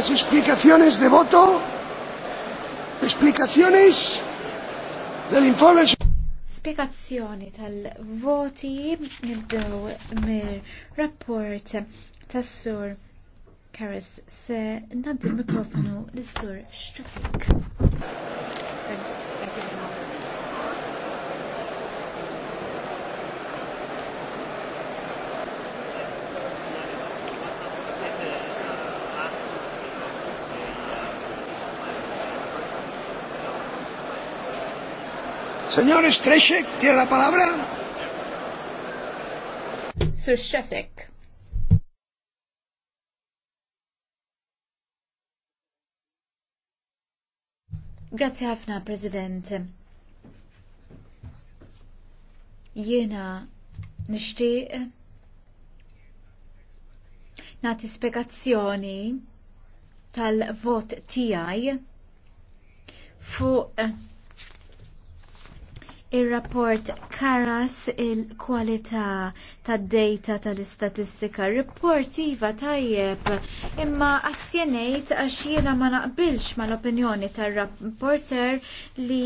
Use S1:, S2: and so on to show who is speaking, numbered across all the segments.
S1: Las explicaciones de voto, explicaciones del informe.
S2: Spiegazzjoni tal-voti nibdew mir-rapport tas-sur Karis se naddi l-mikrofonu l sur Strafik. Señor Streshek, tiene la palabra. Sir Streshek. Grazie ħafna, President. Jiena nixtieq Nati spjegazzjoni tal-vot tiegħi fuq Il-rapport Karas il-kwalità tad-data tal-istatistika riportiva tajjeb imma assjenejt għax jiena ma naqbilx mal-opinjoni tar-rapporter li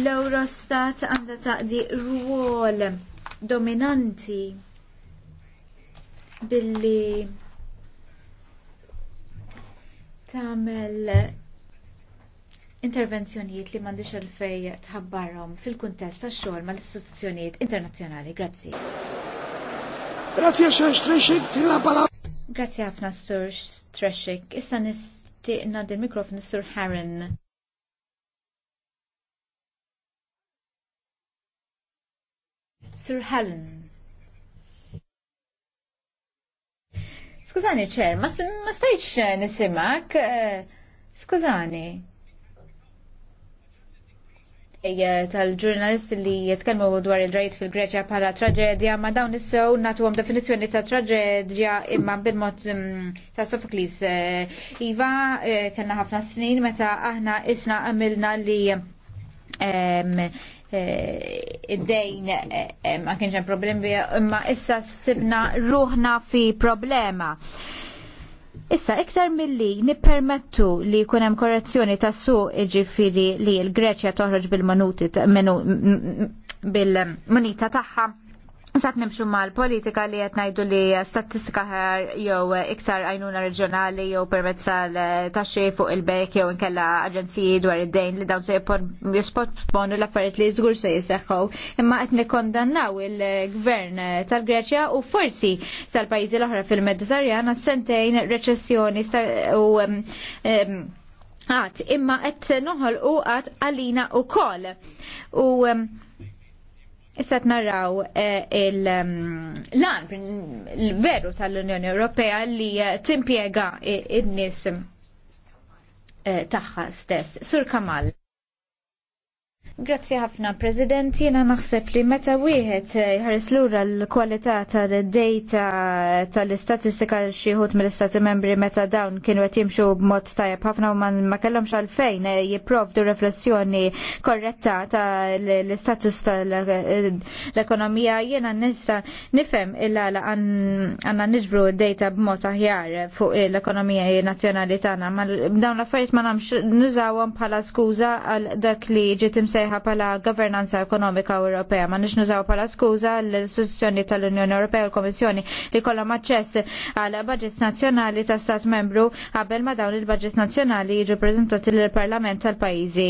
S2: l-Eurostat għandha taqdi rwol dominanti billi tagħmel intervenzjonijiet li m'għandix għalfej tħabbarhom fil-kuntest tax-xogħol mal-istituzzjonijiet internazzjonali. Grazzi. Grazzi Sir Streshik, Grazzi ħafna Sur Streshik. Issa nistieq ngħaddi l-mikrofon Sur Harren. Sir Helen. Skużani ċer, ma stajċ nisimak. Eh, skużani. E, tal-ġurnalisti li jitkellmu dwar il-drajt fil-Greċja bħala traġedja, ma dawn is natu għom definizzjoni ta' traġedja imma bil-mod mm, ta' Sofoklis. E, iva, e, kellna ħafna snin meta aħna isna għamilna li id-dejn ma kienx hemm problemi imma issa sibna ruħna fi problema. Issa, iktar milli nippermettu li jkun hemm korrezzjoni tas suq jiġifieri li l-Greċja toħroġ bil-manuti bil-munita tagħha Sak nimxu l politika li qed ngħidu li statistika ħar jew iktar għajnuna reġjonali jew permezz tal-taxxi fuq il-bek jew inkella aġenziji dwar id-dejn li dawn se jisposponu l-affarijiet li żgur se jiseħħu. Imma qed nikkondannaw il-gvern tal-Greċja u forsi tal-pajjiżi l-oħra fil-Mediterran sentejn reċessjoni u għat imma qed noħolqu għat għalina u kol. U um, Issa naraw eh, l um, lan veru tal-Unjoni Ewropea li eh, timpiega id-nies eh, tagħha stess. Sur Kamal. Grazzi ħafna, President. Jena naħseb li meta wieħed jħares lura l-kwalità tad-data tal-istatistika xi mill-Istati membri meta dawn kienu qed jimxu b'mod tajjeb ħafna u ma kellhomx għalfejn jipprovdu riflessjoni korretta ta' l-istatus tal-ekonomija jiena nista' nifhem illa għandna niġbru d-data b'mod aħjar fuq l-ekonomija nazzjonali tagħna. Dawn l-affarijiet ma nagħmx nużawhom bħala skuża għal dak li ġiet imsejja msejħa pala governanza ekonomika Ewropea. Ma nix nużaw pala skuza l-istituzzjoni tal-Unjoni Ewropea u l-Komissjoni li kollhom aċċess għal budgets nazzjonali ta' stat membru qabel ma dawn il-budgets nazzjonali jiġu prezentati lill-Parlament tal-pajjiżi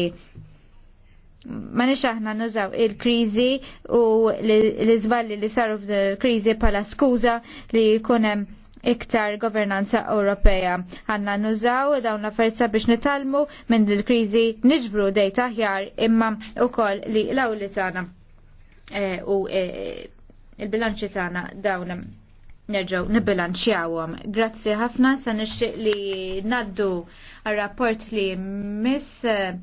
S2: ma nix aħna nużaw il-krizi u l-izballi li saru f'din il-krizi pala skuza li kunem iktar governanza Ewropea. Għanna nużaw dawn la forza biex nitalmu minn il-krizi niġbru dejta ħjar imma u koll li l-awli tana e, u e, il-bilanċi tana dawn nerġaw nibilanċjawhom. Grazzi ħafna sa nixtieq li naddu għar-rapport li miss e,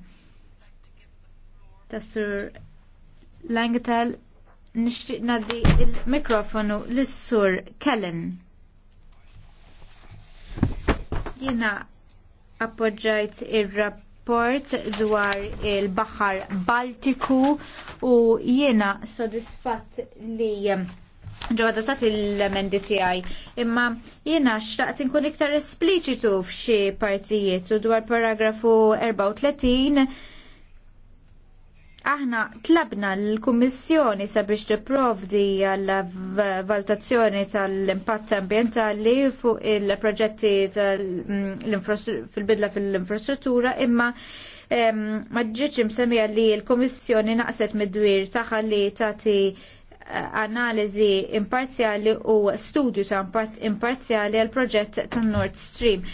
S2: tasur sur Langtel nixtieq naddi il-mikrofonu lis sur Kellen. Jiena appoġġajt ir-rapport dwar il-Bahar Baltiku u jiena sodisfatt li ġodotat il-mendi tiegħi. Imma jiena xtaqt inkun iktar espliċitu f'xi partijiet u dwar paragrafu 34 Aħna tlabna l-Kummissjoni sabiex tipprovdi l-valutazzjoni tal-impatt ambientali fuq il-proġetti fil-bidla fil-infrastruttura imma ma ġietx imsemmija li l-Kummissjoni naqset mid-dwir taħħa li tagħti eh, analiżi imparzjali u studju ta' imparzjali għal proġett tan Nord Stream.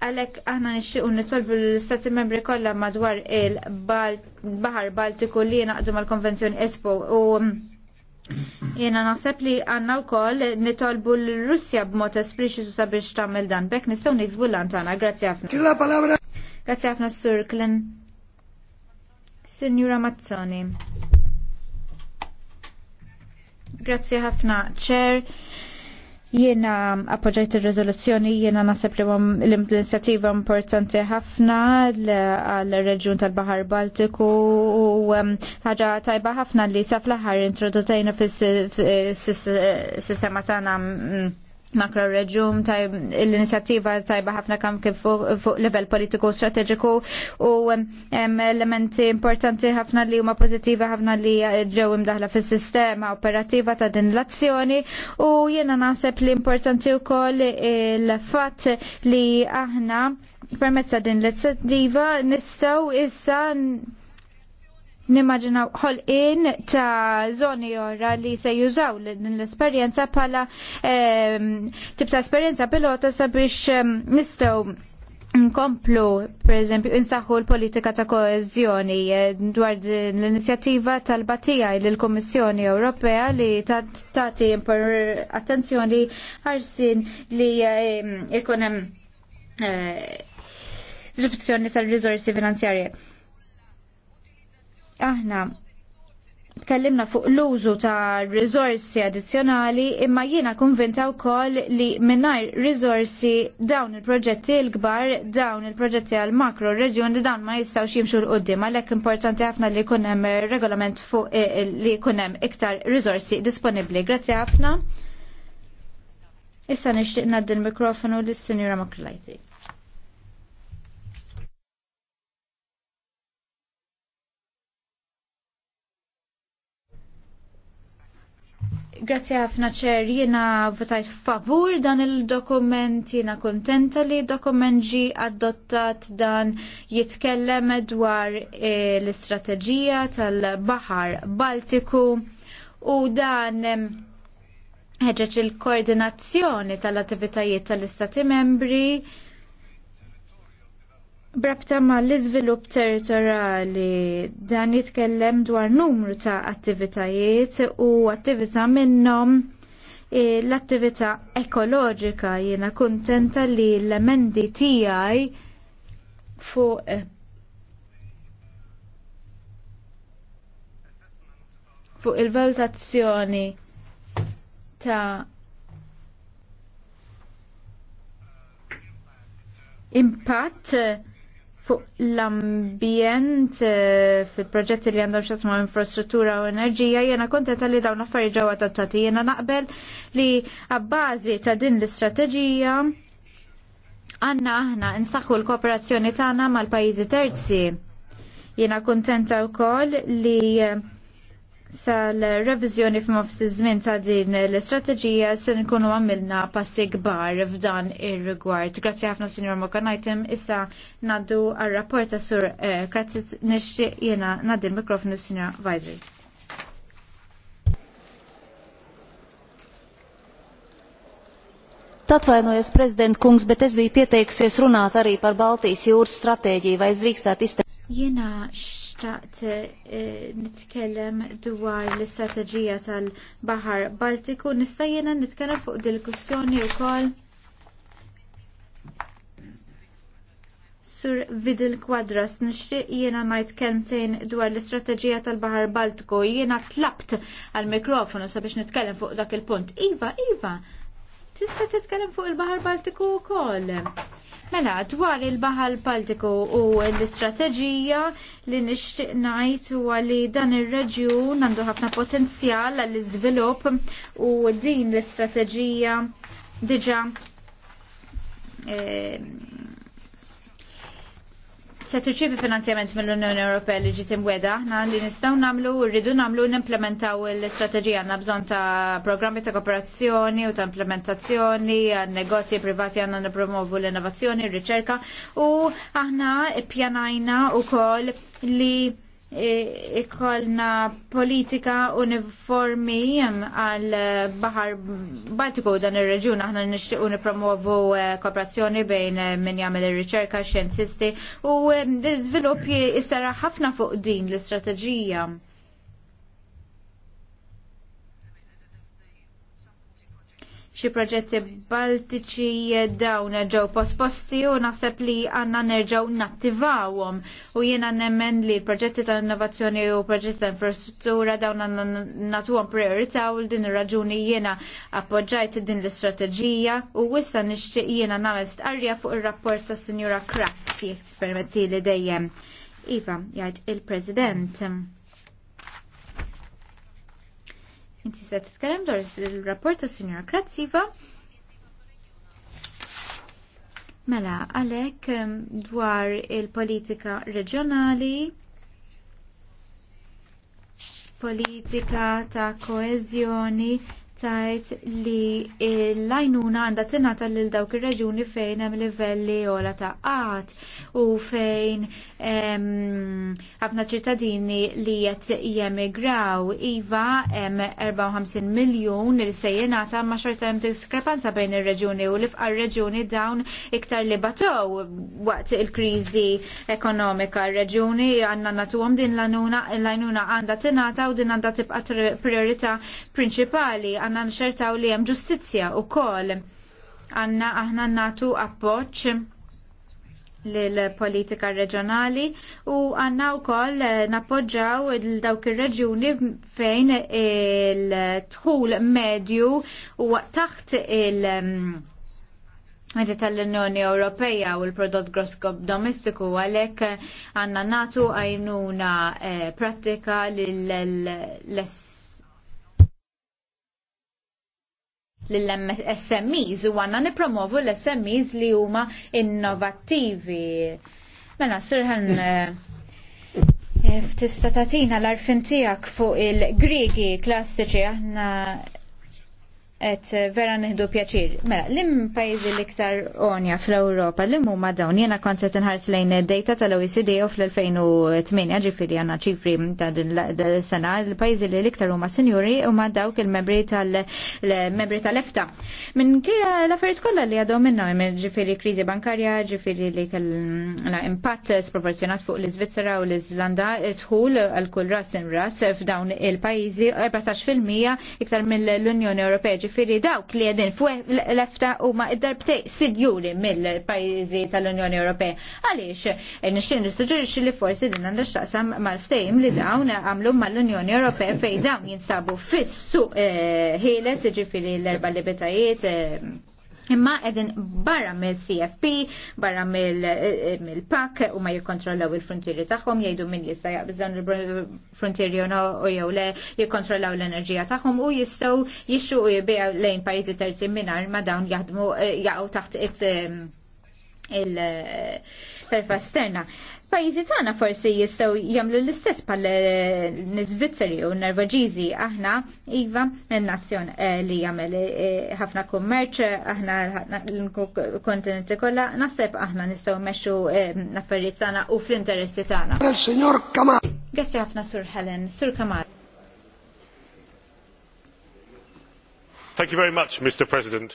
S2: Għalek aħna nixtiequ nitolbu l-Stati membri kollha madwar il-Baħar Baltiku li naqdu mal-Konvenzjoni Espo u Jena naħseb li għanna u nitolbu l-Russja b'mod espliċitu sabiex tagħmel dan. Bek nistgħu niksbu l-antana. Grazzi ħafna. Tilla palabra. Grazzi ħafna Sur Klen. Signora Mazzoni. Grazzi ħafna, Chair. Jiena appoġġajt ir-riżoluzzjoni jiena naseb li l-inizjattiva importanti ħafna għal reġjun tal-Baħar Baltiku u um, ħaġa tajba ħafna li saf l aħħar introdutajna fis-sistema tagħna mm, makro reġum tajb l-inizjattiva tajba ħafna kam kif fuq level politiku strateġiku u elementi importanti ħafna li huma pożittivi ħafna li ġew imdaħla fis-sistema operattiva ta' din l-azzjoni u jiena naħseb li importanti wkoll il-fatt li aħna permezz ta' din l-inizjattiva nistgħu issa nimmaġinaw ħolqien ta' zoni ora li se jużaw l-esperjenza pala ehm, tip ta' esperjenza pilota sabiex ehm, nistgħu Nkomplu, per eżempju, insaħħu l-politika ta' koezjoni eh, dwar l-inizjattiva tal-batija l-Kommissjoni Ewropea li tagħti attenzjoni ħarsin li jkun eh, hemm eh, riduzzjoni tal-riżorsi finanzjarje aħna tkellimna fuq l-użu ta' rizorsi addizzjonali imma jiena konvinta wkoll li mingħajr rizorsi dawn il-proġetti l-kbar, dawn il-proġetti għal makro reġjun li dawn ma jistgħux jimxu l qudiem għalhekk importanti ħafna li jkun hemm regolament fuq eh, eh, li jkun hemm iktar rizorsi disponibbli. Grazzi ħafna. Issa nixtieq ngħaddi l-mikrofonu lis-Sinjura Makrolajti. Grazie ħafna ċer, jena votajt favur dan il-dokument, jena kontenta li dokument ġi adottat dan jitkellem dwar eh, l-istrateġija tal-Bahar Baltiku u dan ħeġeċ il-koordinazzjoni tal-attivitajiet tal-Istati membri Brabta ma l-izvilup territorjali dan jitkellem dwar numru ta' attivitajiet u attività minnhom e, l-attività ekoloġika jiena kuntenta li l-emendi tiegħi fuq e, fuq il-valutazzjoni ta' impatt fuq l-ambjent eh, fil-proġetti li għandhom xatma infrastruttura u enerġija jena kontenta li dawn affarijiet ġewwa adottati jena naqbel li għabbażi ta' din l-istrateġija għanna aħna nsaħħu l-kooperazzjoni tagħna mal-pajjiżi terzi. Jena kontenta wkoll li Sal-revizjoni f'nofs iż-żmien ta' din l-istrateġija se nkunu għamilna passi kbar f'dan ir-rigward. Grazzi ħafna Sinjor Mokanajtem, issa naddu għal rapport ta' Sur eh, Kratzit nixtieq jena naddu l-mikrofonu Sinjor Vajdri. Tatvainojas prezident kungs, bet es biju pieteikusies runāt arī par Baltijas jūras stratēģiju, vai es drīkstāt Jena xtaqt eh, nitkellem dwar l-istrateġija tal-Bahar Baltiku. Nista' jiena nitkellem fuq dil-kussjoni wkoll Sur Vidil Quadras, nixtieq jiena ngħid kelmtejn dwar l-istrateġija tal-Bahar Baltiku. Jiena tlabt għall mikrofonu sabiex nitkellem fuq dak il-punt. Iva, iva, tista' titkellem fuq il-Baħar Baltiku wkoll. Mela, dwar il-Baħar Baltiku u l-istrateġija li nixtieq ngħid huwa li dan ir-reġjun għandu ħafna potenzjal għall iżvilupp u din l-istrateġija diġà eh, se tirċievi finanzjament mill-Unjoni Ewropea li ġiet imweda, aħna li nistgħu nagħmlu rridu nagħmlu nimplementaw l-istrateġija għandna bżonn ta' programmi ta' kooperazzjoni u ta' implementazzjoni, negozji privati għandna nippromovu l-innovazzjoni, r-riċerka u aħna ppjanajna wkoll li ikollna politika uniformi għal bahar Baltiku dan ir-reġjun aħna nixtiequ nipromovu eh, kooperazzjoni bejn eh, min jagħmel ir-riċerka xjenzisti u l-iżvilupp eh, jissara ħafna fuq din l-istrateġija. xi proġetti baltiċi eh, dawn ġew posposti u naħseb li għandna nerġgħu nattivawhom u jiena nemmen li l-proġetti ta' innovazzjoni u proġetti ta' infrastruttura dawn għandna natuhom priorità u din ir-raġuni jiena appoġġajt din l-istrateġija u wissa nixtieq jiena nagħmel stqarrja fuq ir-rapport tas Sinjura Krazzi permetti li dejjem. Iva, jgħid il-President. Inti se titkellem dwar il-rapport ta' Signora Krazziva. Mela, għalek dwar il-politika reġjonali, politika ta' koezjoni, tajt li l-lajnuna għandha tingħata lil dawk ir-reġuni fejn hemm livelli ola ta' qatt u fejn ħafna ċittadini li qed jemigraw iva hemm 54 miljun li se jingħata ma' xorta hemm diskrepanza bejn ir-reġuni u li fqar reġuni dawn iktar li batow waqt il-kriżi ekonomika. ir reġjuni għandna nagħtuhom din l-lajnuna għandha tingħata u din għandha tibqa' priorità prinċipali għanna nxertaw li hemm ġustizzja u kol għanna aħna natu appoċ l-politika reġjonali u għanna u koll nappoġġaw dawk il-reġjuni fejn il-tħul medju u taħt il- Medi tal-Unjoni Ewropeja u l-prodott gross domestiku għalek għanna natu għajnuna eh, pratika l-ess l-SMEs u għanna nipromovu l-SMEs li huma innovattivi. Mela, sirħan eh, eh, tista tatina l-arfin fuq il-Grigi klassiċi aħna et eh, vera nħdu pjaċir. Mela, lim pajzi l-iktar onja fl-Europa, lim u madawn, jena kontet nħars lejn data tal-OECD u fl-2008, ġifiri għanna ċifri ta' din sena l-pajzi li l-iktar huma senjuri u dawk il-membri tal-membri tal-EFTA. Minn kija l-affarijiet kollha li għadhom minnhom, ġifiri krizi bankarja, ġifiri li kellha impatt sproporzjonat fuq l-Iżvizzera u l-Iżlanda tħul għal kull ras in ras f'dawn il-pajjiżi 14% iktar mill-Unjoni Ewropea ġifiri dawk li għedin fuq lefta u ma id darbte sidjuri mill-pajzi tal-Unjoni Ewropea. Għalix, nixin nistuġurix li forsi din għandu xtaqsam mal-ftejm li dawn għamlu mal-Unjoni Ewropea fej dawn jinsabu fissu eh, ħiles ġifiri l-erba libertajiet eh, imma edin barra mill-CFP, barra mill eh, eh, pac u ma jikontrollaw il-frontieri tagħhom, jgħidu min jista' jaqbiż il-frontieri u jew le jikkontrollaw l-enerġija tagħhom u jistgħu jixxu u jibgħu lejn pajjiżi terzi mingħajr ma dawn jaħdmu eh, jaqgħu taħt it il-tarfa esterna. Pajizi tagħna forsi jistgħu jagħmlu l-istess pal nizvizzeri eh, u Norveġiżi aħna iva n-nazzjon eh, li jagħmel eh, ħafna kummerċ, aħna l-kontinenti kollha naħseb aħna nistgħu meċu l-affarijiet tagħna u fl-interessi tagħna. Grazzi ħafna Sur Helen, Sur Kamal. Thank you very much, Mr. President.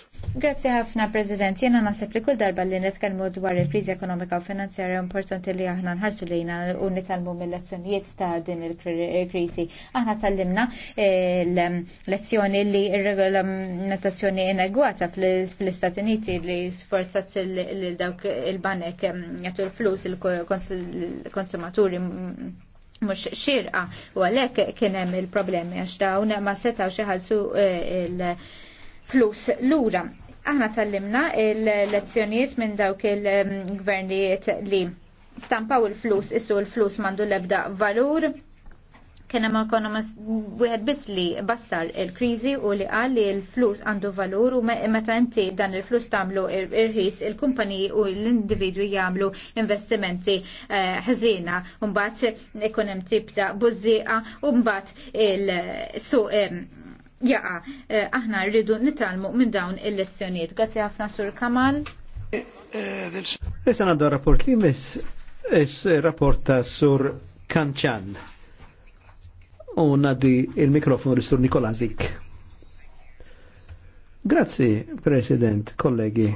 S2: Grazie ħafna, President. Jena nasib li kull darba li netkalmu dwar il-krizi ekonomika u finanzjarja importanti li aħna nħarsu jena u nitalmu mill-lezzjonijiet ta' din il-krizi. Aħna tal-limna eh, l-lezzjoni li regolamentazzjoni inegwata fl-Istati Uniti li sforzat il il-banek ehm, jgħatu l-flus il-konsumaturi mux xirqa u għalek kienem il-problemi għax dawn ma setaw xeħalsu eh, il-flus l-ura. Aħna tallimna il-lezzjoniet minn dawk il-gvernijiet li stampaw il-flus, issu il-flus mandu lebda valur, Kena ma mas wieħed biss li bassar il-kriżi u li qal li l-flus għandu valur u meta inti dan il-flus tagħmlu irħis il kumpani u l-individwi jagħmlu investimenti eh, ħżiena u mbagħad ikun hemm tip ta' bużieqa u mbagħad il-suq jaqa, eh, aħna rridu nitalmu minn dawn il lezzjonijiet Grazzi ħafna Sur Kamal. Issa
S1: għandu rapport li is rapport ta' Sur Kanċan u naddi il-mikrofonu ristur Nikolazik. Grazzi, President, kollegi.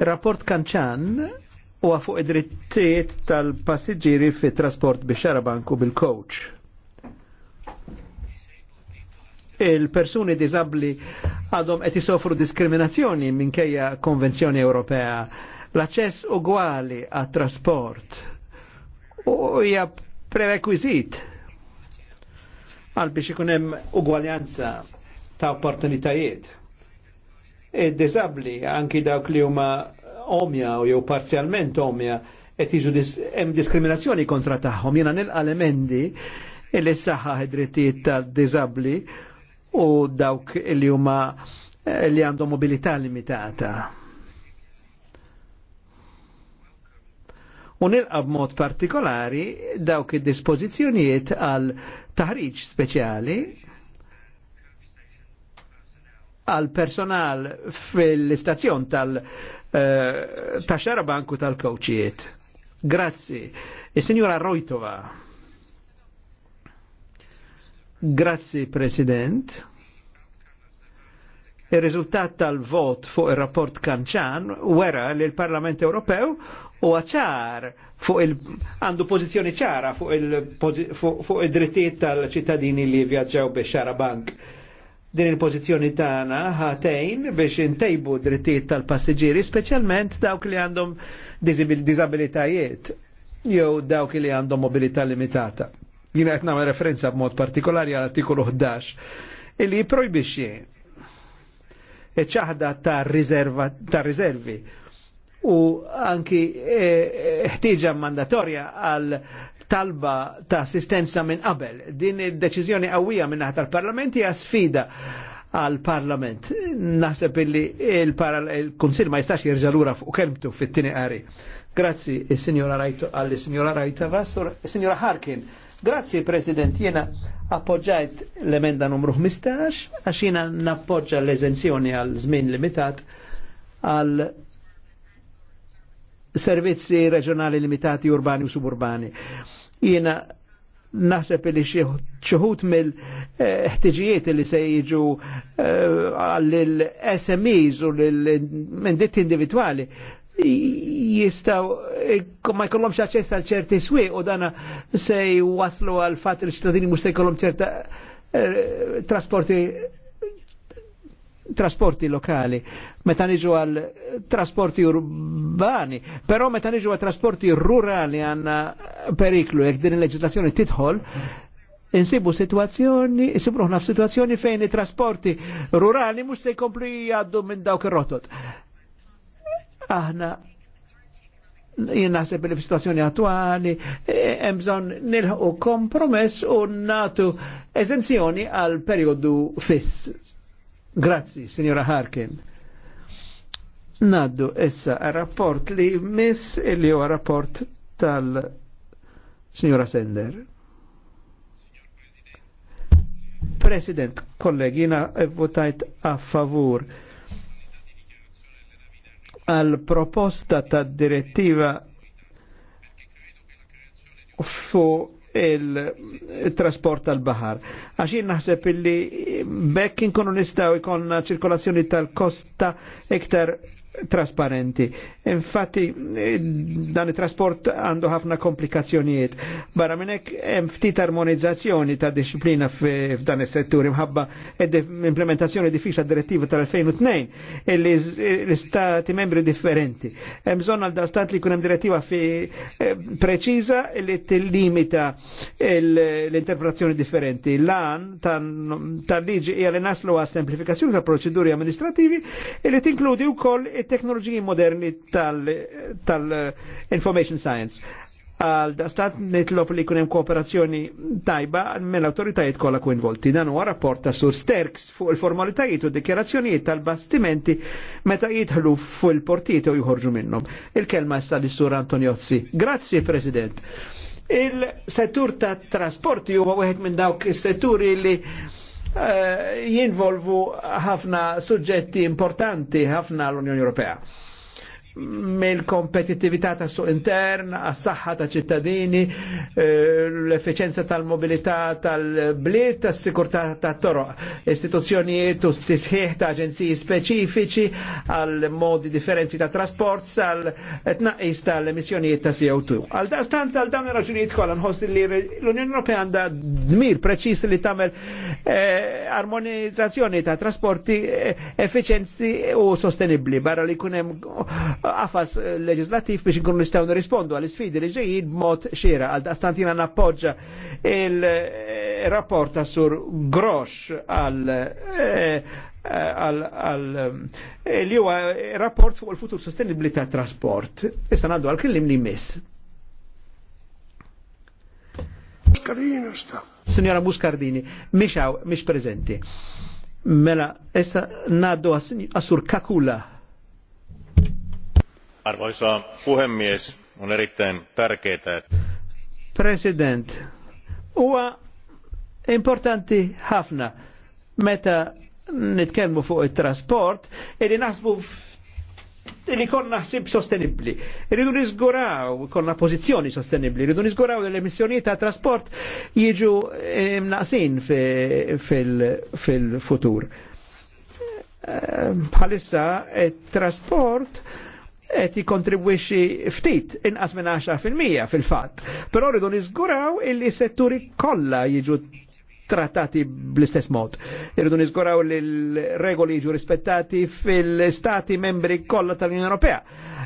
S1: Il-rapport kanċan u għafu id-drittiet tal passiġiri fi trasport bi xarabanku bil-coach. Il-persuni disabli għadhom qed isofru diskriminazzjoni minkejja Konvenzjoni Ewropea l-aċċess ugwali għat trasport u hija prerequisit għal biex ikun hemm ugwaljanza ta' opportunitajiet. Id-disabli, e anki dawk li huma omja u jew parzjalment omja, qed jiġu hemm diskriminazzjoni kontra tagħhom. Jiena nilqa elementi li saħħa id-drittijiet tad-diżabbli u dawk li huma li għandhom mobilità limitata. u nilqab mod partikolari dawk id-dispożizzjonijiet għal taħriġ speċjali għal personal fil-istazzjon tal- uh, eh, xarabanku tal kowċijiet Grazzi. Il-Signora Rojtova. Grazzi, President. Il-rizultat tal-vot fuq il-rapport Kanċan wera li l-Parlament Ewropew u ċar fuq il għandu pożizzjoni ċara fuq il-drittijiet tal-ċittadini li vjaġġaw biex xara bank. Din il-pożizzjoni tagħna ħatejn biex intejbu drittijiet tal-passiġġieri, speċjalment dawk li għandhom disabilitajiet jew dawk li għandhom mobilità limitata. Jiena qed nagħmel referenza b'mod partikolari għal artikolu 11 illi jipprojbixxi iċ-ċaħda ta' riservi u anki eh, eh, ħtieġa eh, mandatorja għal talba ta' assistenza minn qabel. Din id-deċiżjoni qawwija minn naħat tal-Parlament hija sfida għal-Parlament. Naħseb illi il-Kunsil ma jistax jerġa' lura fuq kelbtu fit-tieni qari. Grazzi il-Signora Rajto għall-Signora Rajta Vassur, il-Signora Harkin. Grazzi President, jena appoġġajt l-emenda numru 15 għax jena nappoġġa l-eżenzjoni għal żmien limitat għal servizzi reġjonali limitati urbani u suburbani. Jiena naħseb li xieħut mill-ħtiġijiet eh, li se jiġu eh, għall-SMEs u l-menditti individuali jistaw eh, ma jkollhomx aċċess għal ċerti swieq u dana se waslu għal fatt li ċittadini mhux se jkollhom ċerta trasporti trasporti lokali meta niġu għal trasporti urbani, però meta niġu għal trasporti rurali għanna periklu jek din il-leġislazzjoni titħol, insibu situazzjoni, insibu ruħna situazzjoni fejn i-trasporti rurali mux se jkompli jaddu minn dawk ir-rotot. Aħna jien naħseb li f-situazzjoni attuali jemżon e, nilħu kompromess u natu eżenzjoni għal periodu fiss. Grazzi, signora Harkin. Naddu essa a rapport li miss li ho a rapport tal Signora Sender. President, kollegina, votajt a favur għal proposta ta' direttiva fu il-trasport tal-bahar. Għaxin naħseb illi bekk inkonu nistaw ikon ċirkolazzjoni tal-kosta iktar trasparenti. Infatti eh, dan il trasport għandu ħafna komplikazzjonijiet. Barra minnek hemm ftit armonizzazzjoni ta' disciplina f'dan is-settur imħabba e implementazzjoni diffiċla direttiva tal-2002 illi l-istati membri differenti. Hemm bżonn għal stat li jkun hemm direttiva fi eh, preċiża li tillimita l-interpretazzjoni differenti. L-an tal-liġi hija li naslu għas semplifikazzjoni ta' proċeduri amministrativi li tinkludi wkoll teknoloġiji moderni tal-information science. Għal dastat nitlop li kunem kooperazzjoni tajba mill autoritajiet kolla kuinvolti. Dan u rapport ta' sur sterks fuq il-formalitajiet u dikjerazzjonijiet tal-bastimenti meta jitħlu fuq il portiet u jħorġu minnom. Il-kelma issa li sur Antoniozzi. Grazie, President. Il-settur ta' trasporti huwa wieħed minn dawk is-setturi li Eh, jinvolvu ħafna suġġetti importanti ħafna l-Unjoni Ewropea mill-kompetittività ta' suq intern, għas saħħa ta' ċittadini, eh, l-efficienza tal-mobilità tal-bliet, tas sikurtà ta' toroq, istituzzjonijiet u tisħiħ ta' aġenziji speċifiċi għal modi differenzi ta' trasport għal etnaqis tal-emissjonijiet ta' CO2. Għal da' stant għal dan raġunijiet kollha nħossi li l-Unjoni Ewropea għandha dmir preċis li tagħmel eh, armonizzazzjoni ta' trasporti eh, effiċenzi u sostenibbli barra li kunem għafas eh, leġislativ biex nkunu nistgħu nirrispondu għal sfidi li ġejjin b'mod xiera għal daqstantina nappoġġa il eh, rapporta sur Grosh eh, għal għal li huwa rapport fuq il-futur sostenibli ta' trasport. Issa għandu għal kellim li miss. Muscardini sta. Signora Muscardini, miex prezenti. Mela, issa naddu għas-sur Kakula. Arvoisa puhemies, on erittäin tärkeää. President, huwa importanti ħafna meta nitkellmu fuq it-trasport illi naħsbu li konna naħsib sostenibli. Rridu nizguraw, konna pożizzjoni sostenibli, rridu nizguraw li l-emissjoni ta' trasport jiġu eh, mnaqsin fil-futur. Eh, bħalissa, trasport qed jikontribwixxi ftit inqas minn 10% fil-fatt. Però rridu niżguraw illi setturi kollha jiġu trattati bl-istess mod. Irridu nizguraw li l-regoli jiġu rispettati fil-stati membri kollha tal-Unjoni Ewropea.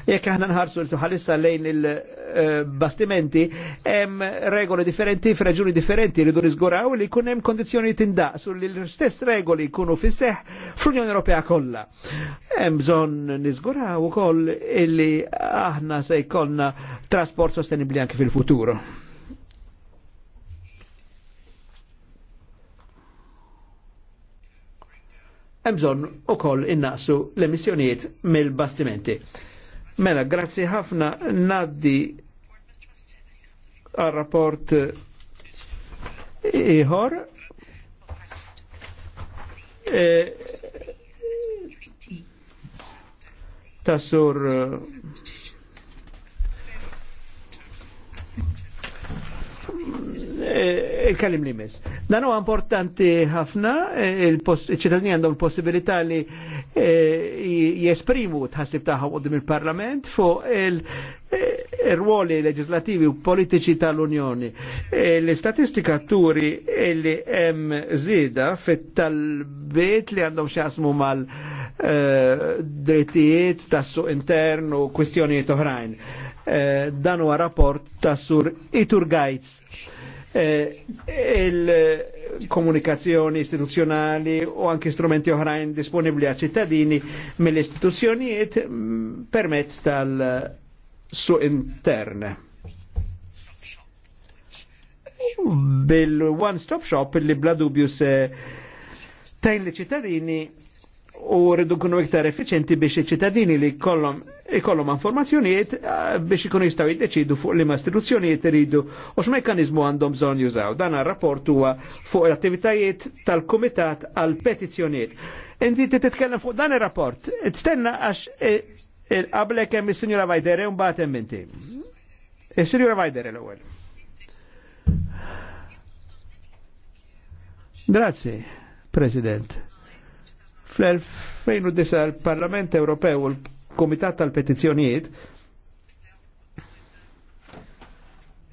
S1: Jekk aħna nħarsu l-tuħalissa lejn il-bastimenti, hemm regoli differenti f'reġuni differenti irridu niżguraw li jkun hemm kondizzjoni tindaqsu li l-istess regoli jkunu fisseħ fl-Unjoni Ewropea kollha. Hemm bżonn niżguraw ukoll illi aħna se jkollna trasport sostenibbli anke fil-futuro. hemm u koll innaqsu l emissjoniet mill-bastimenti. Mela, grazzi ħafna naddi għal rapport iħor. E, tassur Eh, il-kalim li mis. Dan huwa importanti ħafna, eh, il-ċittadini għandhom il-possibilità li eh, jesprimu tħassib taħħu għoddim il-Parlament fuq il-ruoli leġislativi u politiċi tal-Unjoni. L-istatistika turi li hemm zida fit-talbiet li għandhom xasmu mal- drittijiet tassu intern u kwistjonijiet oħrajn. Dan huwa rapport tas-sur Iturgajz eh, il-komunikazzjoni istituzzjonali u anki strumenti oħrajn disponibli għal ċittadini mill-istituzzjonijiet mm, permezz tal su intern bil-one-stop shop li bladubju se tajn li ċittadini u rridu kunu iktar effiċenti biex iċ-ċittadini li jkollhom informazzjonijiet eh, biex ikunu jistgħu jiddeċidu fuq li ma istituzzjonijiet iridu u x'mekkaniżmu għandhom bżonn jużaw. Dan ar-rapport huwa fuq l-attivitajiet tal-Kumitat għal petizzjonijiet. Inti titkellem fuq dan ir-rapport, tstenna għax eh, eh, qablek hemm is-Sinjura Vajdere u mbagħad hemm inti. Is-Sinjura Vajdere l-ewwel. Grazzi, President. Fl-2009 il-Parlament Ewropew u l-Komitat tal-Petizzjonijiet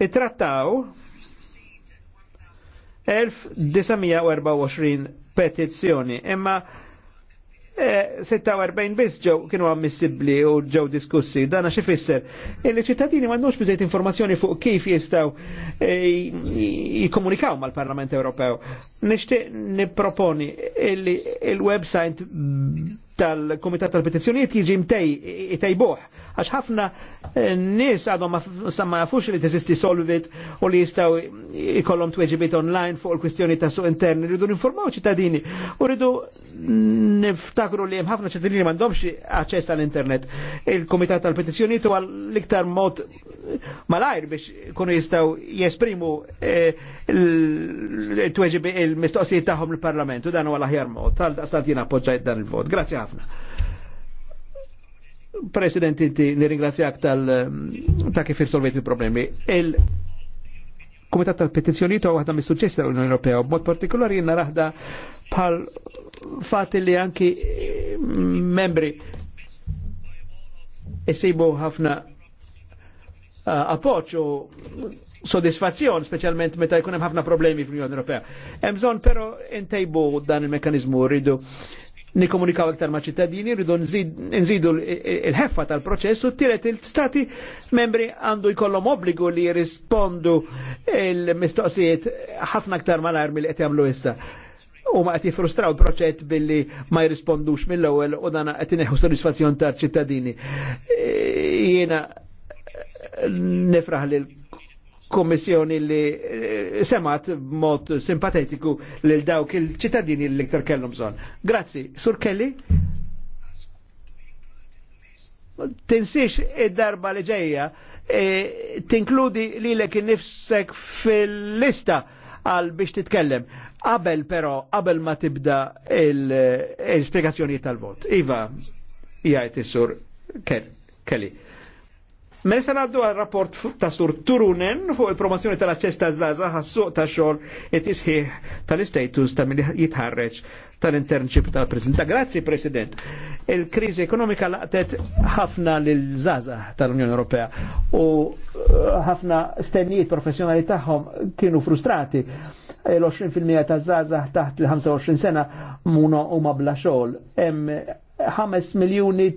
S1: ittrattaw 1924 petizzjoni, imma 46 eh, bis ġew kienu ammissibbli u ġew diskussi. Dana xi fisser? Il-ċittadini m'għandux biżejt informazzjoni fuq kif jistgħu eh, jikkomunikaw mal-Parlament Ewropew. Nixtieq nipproponi il-website tal-Kumitat tal-Petizzjonijiet jiġi mtej itejbuh Għax ħafna eh, nis għadhom ma jafux li teżisti solvit u li jistaw ikollom tweġibit online fuq il-kwistjoni ta' suq intern. Rridu ninformaw ċittadini u rridu niftakru li hemm ħafna ċittadini m'għandhomx aċċess għall-internet. Il-Kumitat tal petizjoni tu l-iktar mod malajr biex kunu jistaw jesprimu eh, il-mistoqsijiet tagħhom l parlamentu dan huwa l-aħjar mod. Tal-daqstant appoġġajt dan il-vot. Grazzi ħafna. President, inti nirringrazzjak tal mm, ta' kif irsolvejt il-problemi. Il-Kumitat tal petizjoni ta' għadha mis-suċċessi tal-Unjoni Ewropea, b'mod partikolari jiena raħda bħal fat li anki mm, membri isibu ħafna appoċ u sodisfazzjon, specialment meta jkun hemm ħafna problemi fl-Unjoni Ewropea. Hemm bżonn però intejbu dan il-mekkaniżmu rridu nikomunikaw iktar ma' ċittadini, rridu nżidu l-ħeffa tal-proċess u t-tiret il-stati membri għandu jkollhom obbligu li jirrispondu il-mistoqsijiet ħafna iktar malajr mill-qed jagħmlu issa u ma għati frustraw proċett billi ma jirrispondux mill-ewel u dan għati neħu soddisfazzjon ta' ċittadini. E, Jena nifraħ li kommissjoni li eh, semat mod simpatetiku lil dawk il-ċittadini li iktar kellhom bżonn. Grazzi, Sur Kelly. Tinsiex id-darba li ġejja e, tinkludi lilek innifsek fil-lista għal biex titkellem. Qabel però, qabel ma tibda l spiegazzjonijiet tal-vot. Iva, jgħid is-sur Kelly. Mela se ngħaddu għal rapport ta' Sur Turunen fuq il-promozzjoni tal-aċċess ta' Zaza għas-suq ta' xogħol e tisħiħ tal-istatus ta' min jitħarreġ tal-internship tal presidenta Grazzi President. Il-kriżi ekonomika laqtet ħafna lil Zaza tal-Unjoni Ewropea u eh, ħafna stennijiet professjonali tagħhom kienu frustrati l-20% ta' Zaza taħt il-25 sena muna huma bla xogħol. Hemm 5 miljuni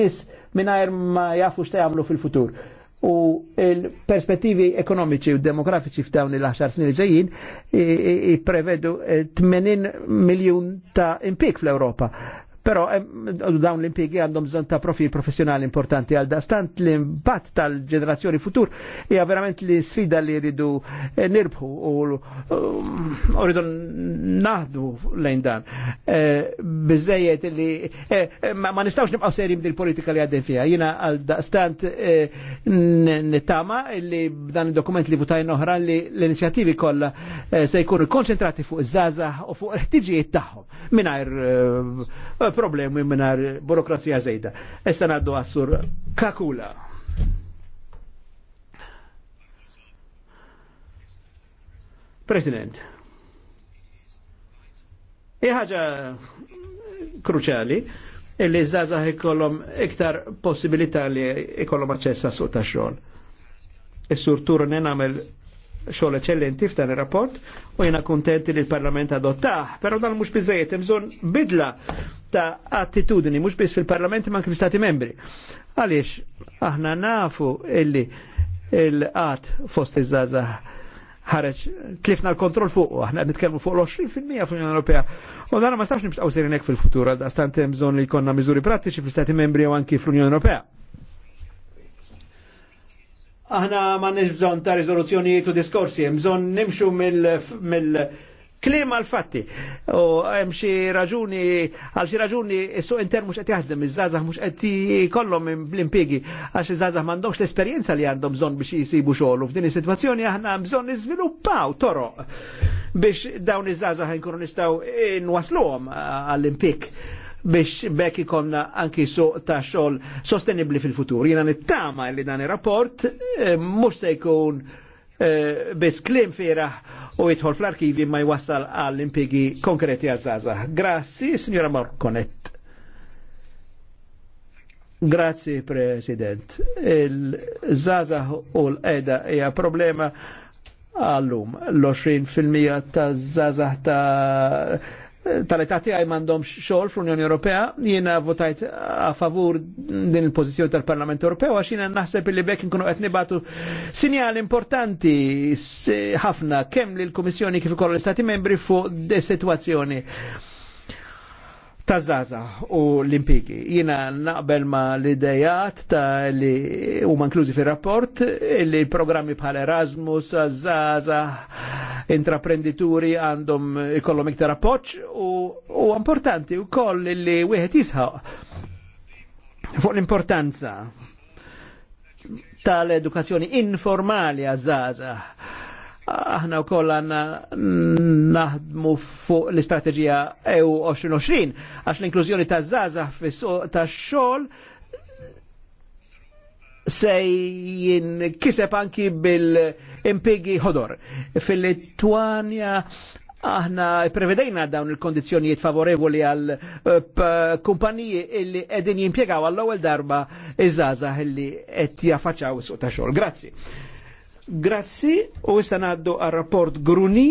S1: nis minnajr ma jafu xta jamlu fil-futur. U il-perspettivi ekonomiċi u demografiċi f'dawn il-10 snin li ġejjin prevedu 80 miljun ta' impik fl-Europa. Però eh, dawn l-impiegi għandhom bżonn ta' profil professjonali importanti għal dastant l-impatt tal-ġenerazzjoni futur hija verament li sfida li rridu eh, nirbħu eh, u rridu naħdu lejn dan. Biżejjed li ma nistgħux nibqgħu seri din politika li għaddin fija. Jiena għal dastant nittama li b'dan il-dokument li votajna oħra li l-inizjattivi kollha se jkunu konċentrati fuq iż-żgħażagħ u fuq il ħtiġijiet tagħhom mingħajr problemi minnar burokrazija zejda. Issa naddu għassur kakula. President, ħaġa kruċali illi zaza ikollom iktar possibilità li ikollom aċċessa għas suq ta' xogħol. Is-sur Turnen għamel xogħol eċellenti f'dan ir-rapport u jena kontenti li l-Parlament adottaħ, però dan mhux biżejjed hemm bidla ta' attitudini mhux biss fil-Parlament ma' kif stati membri. Għaliex aħna nafu illi il-qat fost iż-żgħażagħ ħareġ tlifna l-kontroll fuq, aħna nitkellmu fuq l-20% fl-Unjoni Ewropea. U dan ma stax nibqgħu serin fil-futur għal dastant hemm li jkollna miżuri prattiċi fl-Stati membri u anki fl-Unjoni Ewropea aħna ma nix bżon ta' rizoluzzjonijiet u diskorsi, bżon nimxu mill-klima l-fatti. U hemm raġuni, għal raġuni s inter mux mhux qed jaħdem, iż-żgħażagħ mhux jkollhom l impigi għax iż-żgħażagħ m'għandhomx l-esperjenza li għandhom bżonn biex jisibu xogħol f'din is-sitwazzjoni aħna bżonn niżviluppaw toroq biex dawn iż-żgħażagħ nkunu nistgħu nwaslhom għall impig biex bekk ikonna anki so ta' xogħol sostenibli fil-futur. Jena nittama li dan il rapport eh, mux se jkun eh, bis klim fira u jitħol fl-arkivi ma jwassal għall impigi konkreti għazzaza. Grazzi, signora Marconet. Grazzi, President. il zaza u l eda hija problema għallum. L-20% ta' zaza ta' tal-età tiegħi m'għandhomx xogħol fl-Unjoni Ewropea, jiena votajt a favur din il-pożizzjoni tal-Parlament Ewropew għax jiena naħseb li bekk nkunu qed nibatu sinjal importanti ħafna kemm lill-Kummissjoni kif ukoll l-Istati membri fuq de-sitwazzjoni ta' zaza u l-impigi. Jina naqbel ma l-idejat ta' li u manklużi fi rapport li programmi bħal Erasmus, tazzaza, intraprendituri għandhom ikollom iktar rapport. u, u importanti u koll li wieħed jisħaq fuq l-importanza tal-edukazzjoni informali għazzaza aħna u koll għanna naħdmu fuq l-istrateġija EU 2020 għax l-inklużjoni ta' zazah ta' xol se jinkiseb anki bil-impigi ħodor. fil lituania aħna prevedejna dawn il-kondizjonijiet favorevoli għal eh, kumpaniji illi edin jimpiegaw għall-ewwel darba iż żaza illi qed jaffaċċaw suq ta' xogħol. Grazzi. Grazzi u issa ngħaddu għar-rapport Gruni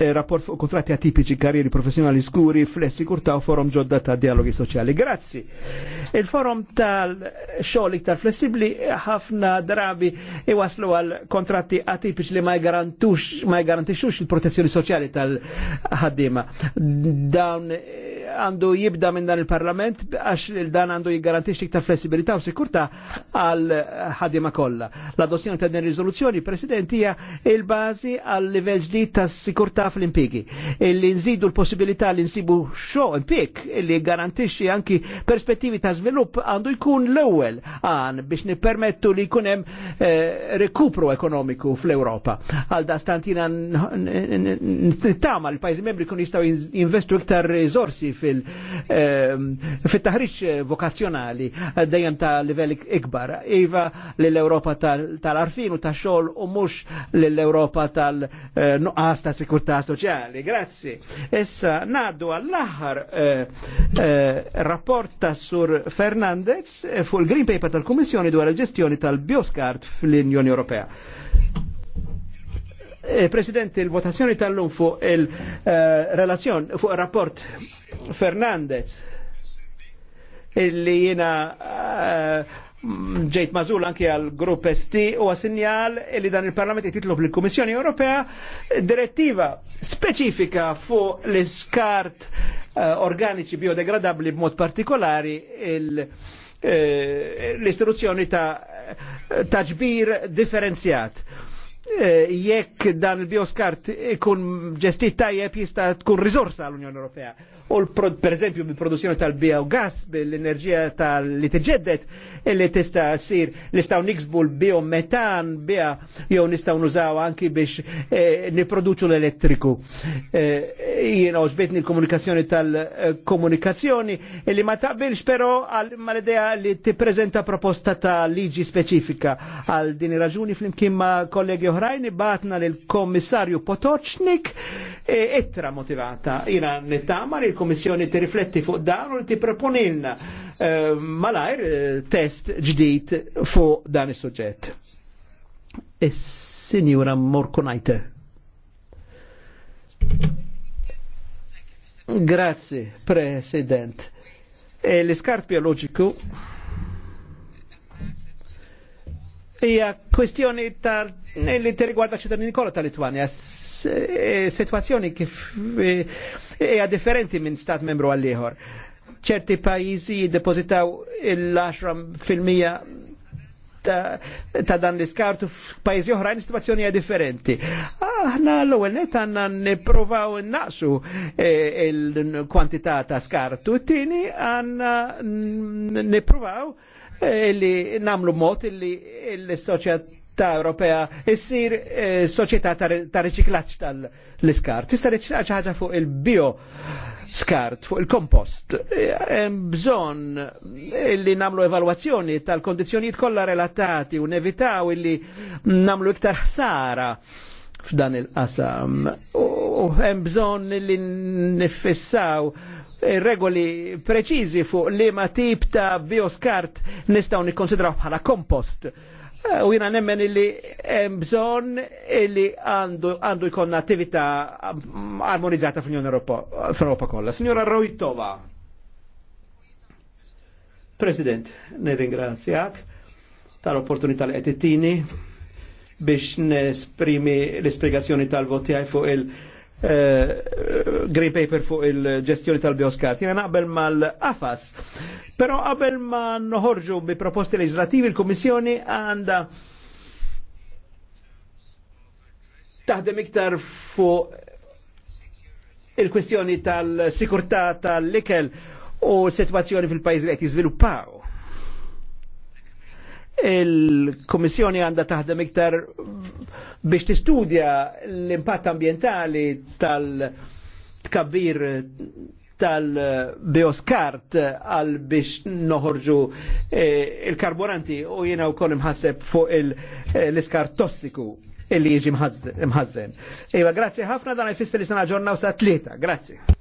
S1: Eh, rapport fuq kontratti atipiċi karrieri professjonali skuri flessi kurtaw forum ġodda ta' dialogi soċjali. Grazzi. Il-forum tal-xogħol iktar flessibli ħafna drabi iwaslu għal kontratti atipiċi li ma ma jgarantixux il-protezzjoni soċjali tal-ħaddiema. Dawn għandu jibda minn dan il-parlament għax il-dan għandu jgarantix iktar flessibilità u sikurta għal ħadima kollha. L-adozzjoni ta' din riżoluzzjoni, President, hija il bazi għal livell ġdid ta' sikurta fl-impjegi. Illi nżidu l-possibilità li nsibu xo impjeg illi garantixxi anki perspettivi ta' svilupp għandu jkun l-ewwel għan biex nippermettu li jkun hemm rekupru ekonomiku fl-Ewropa. Għal da stantina n-tama l-pajzi membri kun jistaw jinvestu iktar rizorsi fil- ehm, fit-taħriġ vokazzjonali dejjem ta' livell ikbar. Iva l-Europa tal-arfin u ta' xogħol u mhux l-Europa tal-nuqqas eh, ta' sikurtà soċjali. Grazzi. Issa ngħaddu għall-aħħar eh, eh, rapport ta' Sur Fernandez fuq il-Green Paper tal-Kummissjoni dwar il-ġestjoni tal bioscard fl-Unjoni Ewropea. Eh, President, il-votazzjoni tal-lum fuq il-relazzjon, eh, fuq il-rapport Fernandez, illi jina eh, ġejt mażul anki għal grupp ST u għasinjal li dan il-Parlament jtitlob l-Kommissjoni Ewropea direttiva specifika fuq l-iskart organiċi biodegradabli b'mod partikolari l-istruzzjoni ta' taġbir differenzjat Eh, jekk dan il-bioskart ikun ġestit tajjeb jista tkun risorsa l-Unjoni Ewropea. U per eżempju bil-produzzjoni tal-biogas, bil-enerġija tal-li tiġeddet, li tista sir nistaw niksbu l-biometan bija jew nistaw nużaw anki biex eh, niproduċu l-elettriku. Eh, jiena eh, ġbetni l-komunikazzjoni tal-komunikazzjoni li ma taqbilx però mal idea li ti proposta ta' liġi specifika għal din raġuni fl-imkien ma kollegi oħrajn ibatna lil kommissarju Potocznik e, ittra motivata. Jina nittama li komissjoni ti rifletti fuq dan u li tipproponilna e, malajr e, test ġdid fuq dan is-suġġett. Is-Sinjura Morkonajte. Grazie, President. E L-iskart biologiku Ija, kwestjoni tal li t tirrigwarda ċittadini kollha tal litwania e, Situazzjoni kif e, hija differenti minn stat membru għall ieħor. ċerti pajizi jiddepozitaw il-10 ta', dan l-iskartu f'pajjiżi oħrajn situazzjoni hija differenti. Aħna l-ewwel net għandna nippruvaw innaqsu e, il-kwantità ta' skartu, t-tieni għandna nippruvaw Eh, illi namlu mod illi l-soċjetà Ewropea issir eh, soċjetà ta' riċiklaġġ tal-iskart. Tista' riċiklaġġ ħaġa fuq il-bio skart fuq il-kompost. Eh, Bżon illi namlu evalwazzjoni tal-kondizjonijiet kollha relatati u nevitaw illi namlu iktar ħsara f'dan il-qasam. U hemm bżonn li nifissaw regoli preċizi fuq li ma tip ta' bioskart nistaw nikkonsidraw bħala kompost. Eh, u jina nemmen illi bżon illi għandu jkonna attività mm, armonizzata fl-Unjoni Europa kollha. Signora Rojtova. President, nirringrazzjak tal-opportunità li qed biex nesprimi l-ispjegazzjoni tal-voti fuq il- Eh, green paper fuq il-ġestjoni tal-bioskat. Jena naqbel mal-AFAS. Pero qabel ma noħorġu bi proposti legislativi, il komissjoni għanda taħdem iktar fuq il-kwestjoni tal-sikurtà tal likel u situazzjoni fil pajzi li qed jiżviluppaw il-Komissjoni għandha taħdem iktar biex tistudja l-impatt ambientali tal-tkabbir tal-bioskart għal biex noħorġu eh, il-karburanti u jena u kol imħasseb fuq eh, l-iskart tossiku illi jiġi mħazzen. Iva, grazie ħafna dan għajfisser li sena ġorna u sa' tlieta. Grazie.